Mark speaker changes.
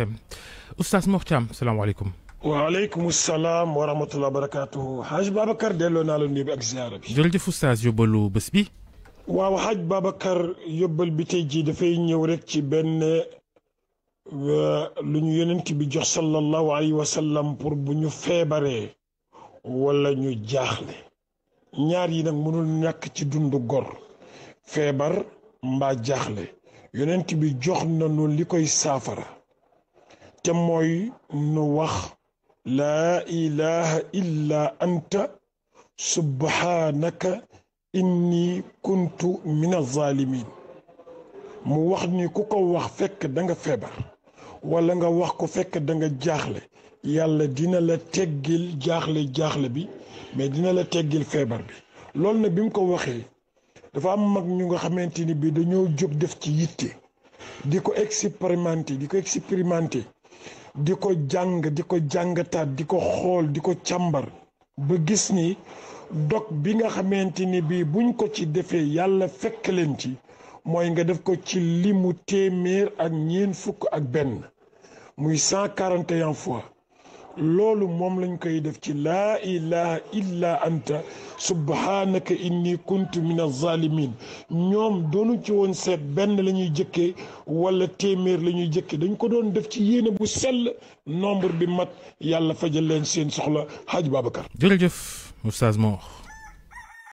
Speaker 1: محتم استاذ محتم السلام عليكم
Speaker 2: وعليكم السلام ورحمه الله وبركاته حاج بابكر دلونا له نيب اك زياره
Speaker 1: جلد استاذ يوبلو بس بي
Speaker 2: واو حاج بابكر يوبل بيتي جي دا فاي نيو ريك سي بن و لو نيو يوننتي بي جخ صلى الله عليه وسلم بور بو نيو فيبره ولا نيو جاخلي ñaar yi nak mënul ñak ci dundu gor febar mba jaxlé yonent bi jox na no likoy safara تموي نوخ لا إله إلا أنت سبحانك إني كنت من الظالمين موخني كوكو وخ فك دنغ فبر ولا نغ وخ كو فك دنغ جاخل يالا دينا لا تيغيل جاخل جاخل بي مي دينا لا تيغيل فبر بي لول ن بيم كو وخي دا فا ام ماك نيغا خامتيني بي دانيو جوك ديف تي يتي ديكو اكسبريمانتي ديكو اكسبريمانتي di ko jàng di ko jàngataat di ko xool di ko càmbar ba gis ni dog bi nga xamante ni bii buñ ko ci defee yàlla fekk leen ci mooy nga def ko ci limu téeméer ak ñeent fukk ak benn muy cent quarante fois لول مملن كيدف لا إله إلا أنت سبحانك إني كنت من الظالمين نيوم دونو تيوان سيد بن لنيو جكي ولا تيمير لنيو جكي دون كو دون دف تي يين بو سل نومبر بي مات يالا فجل لين سين سخلا حاج بابكر جرجف
Speaker 1: أستاذ موخ